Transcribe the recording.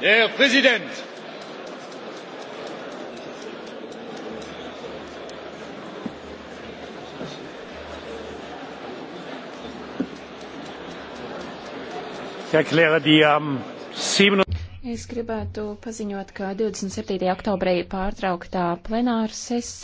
Herr Präsident! Es gribētu paziņot, ka 27. oktobrī pārtrauktā plenāra sesija.